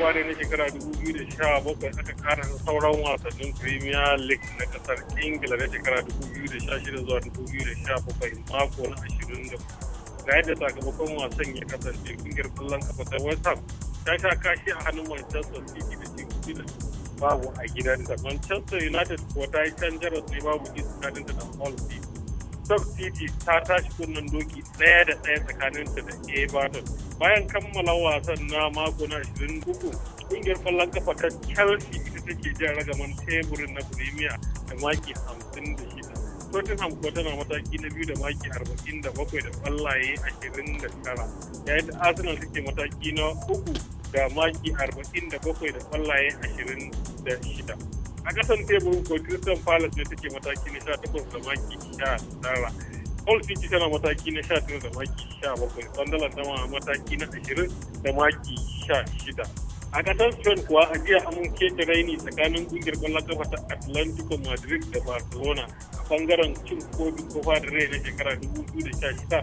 Fabrairu na shekara 2017 aka kara sauran wasannin Premier League na kasar Ingila na shekara 2016 zuwa 2017 mako na 20 ga yadda sakamakon wasan ya kasance kungiyar kwallon kafa ta West Ham ta sha kashi a hannun Manchester City da ke kudu babu a gidan da Manchester United kuwa ta yi canjarar sai babu babu kadin da na Hull city ta tashi kunnen doki daya da daya tsakanin ta da everton bayan kammala wasan na mako na 23 ƙungiyar kwallon kafa ta chelsea ita take jan ragaman teburin na premier da maki 56 tottenham kuwa tana mataki na biyu da maki 47 da kwallaye 29 yayin da arsenal take mataki na uku da maki 47 da kwallaye 26 a kasan teburin ko Crystal Palace ne take mataki na takwas da maki tara all City tana mataki na sha tara da maki bakwai Sunderland tana mataki na ashirin da maki shida. A kasan Spain kuwa a jiya an keke raini tsakanin kungiyar kwallon kafa ta Atlantico Madrid da Barcelona a bangaren cin kofi kofa da rai na shekara shida.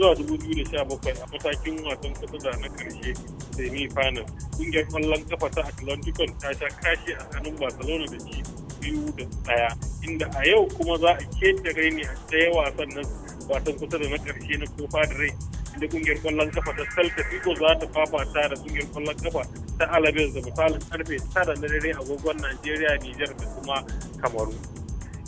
zuwa 2017 a matakin wasan kasa da na karshe semi final kungiyar kwallon kafa ta atlanticon ta sha kashi a hannun barcelona da ci biyu da daya inda a yau kuma za a ketare ne a tsaye wasan nan wasan kusa da na karshe na kofa da rai inda kungiyar kwallon kafa ta celta figo za ta fafata da kungiyar kwallon kafa ta alabes da misalin karfe tara na dare agogon najeriya niger da kuma kamaru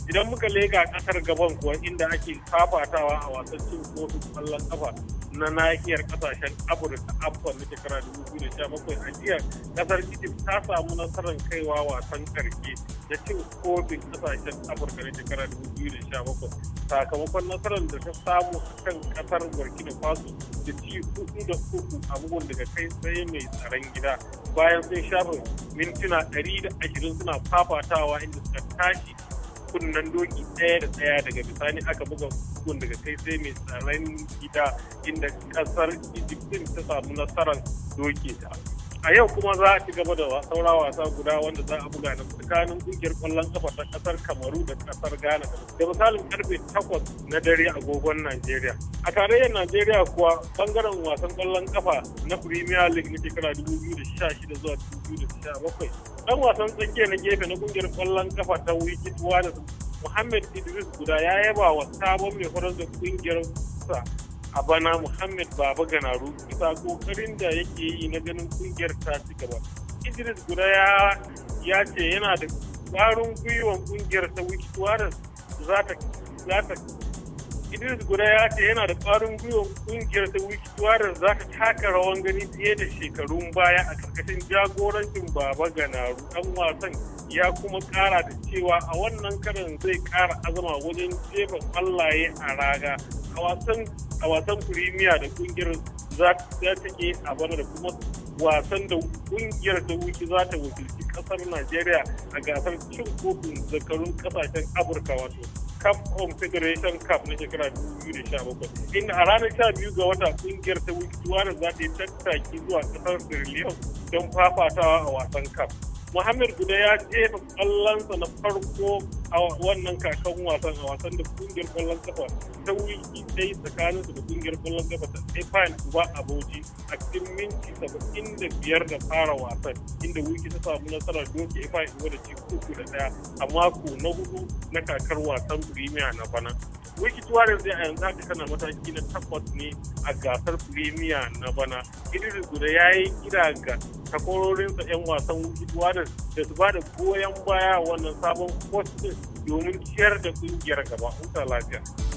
idan muka leka kasar gaban kuwa inda ake fafatawa a wasan cin kofin kwallon kafa na nahiyar kasashen afirka abuwa na shekara 2017 a jiya kasar egypt ta samu nasarar kaiwa wasan karshe da cin kofin kasashen afirka na shekara 2017 sakamakon nasarar da ta samu a kan kasar burkina faso da ci hudu da uku a bugun daga kai tsaye mai tsaron gida bayan sun shafin mintuna 120 suna fafatawa inda suka tashi kunnen doki ɗaya da ɗaya daga bisani aka buga hukun daga kai sai mai tsaron gida inda kasar egypt ta samu nasarar doki ta a yau kuma za a ci gaba da saura wasa guda wanda za a buga da tsakanin kungiyar kwallon kafa ta kasar kamaru da kasar ghana da misalin karfe 8 na dare agogon najeriya a tarayyar najeriya kuwa bangaren wasan kwallon kafa na premier league na shekara 2016 zuwa 2017 dan wasan tsakiya na gefe na kungiyar kwallon kafa ta wikit da muhammad idris guda ya yaba wa sabon mai horar da kungiyar a bana muhammad baba ganaru ba kokarin da yake yi na ganin kungiyar ta ci gaba idris guda ya ce yana da tsarin gwiwar kungiyar ta wiki za ta idris guda ya ce yana da tsarin kungiyar ta wiki za ta taka rawan gani fiye da shekarun baya a karkashin jagorancin baba ganaru dan wasan ya kuma kara da cewa a wannan karin zai kara azama wajen jefa kwallaye a raga a wasan premier da kungiyar za ta ke a bana da kuma wasan da kungiyar ta wuce za ta wakilci kasar Najeriya a gasar cin kofin zakarun kasashen Afirka wato Cup Confederation Cup na shekara 2017. Inda a ranar 12 ga wata kungiyar ta wuce da za ta yi tattaki zuwa kasar Sierra don fafatawa a wasan Cup. Muhammad Guda ya jefa kwallonsa na farko a wannan kakan wasan a wasan da kungiyar kwallon kafa tauri ta yi tsakanin da kungiyar kwallon gaba ta stefan uba a bauchi a cikin minti saba'in da biyar da fara wasan inda wiki ta samu nasarar doke ifan uba da ci uku da daya a mako na hudu na kakar wasan premier na bana wiki tuwarin zai a yanzu haka tana mataki na takwas ne a gasar premier na bana idris guda ya yi gida ga takwarorinsa 'yan wasan wiki tuwarin da su ba da goyon baya wannan sabon kwastin domin ciyar da kungiyar gaba huta lafiya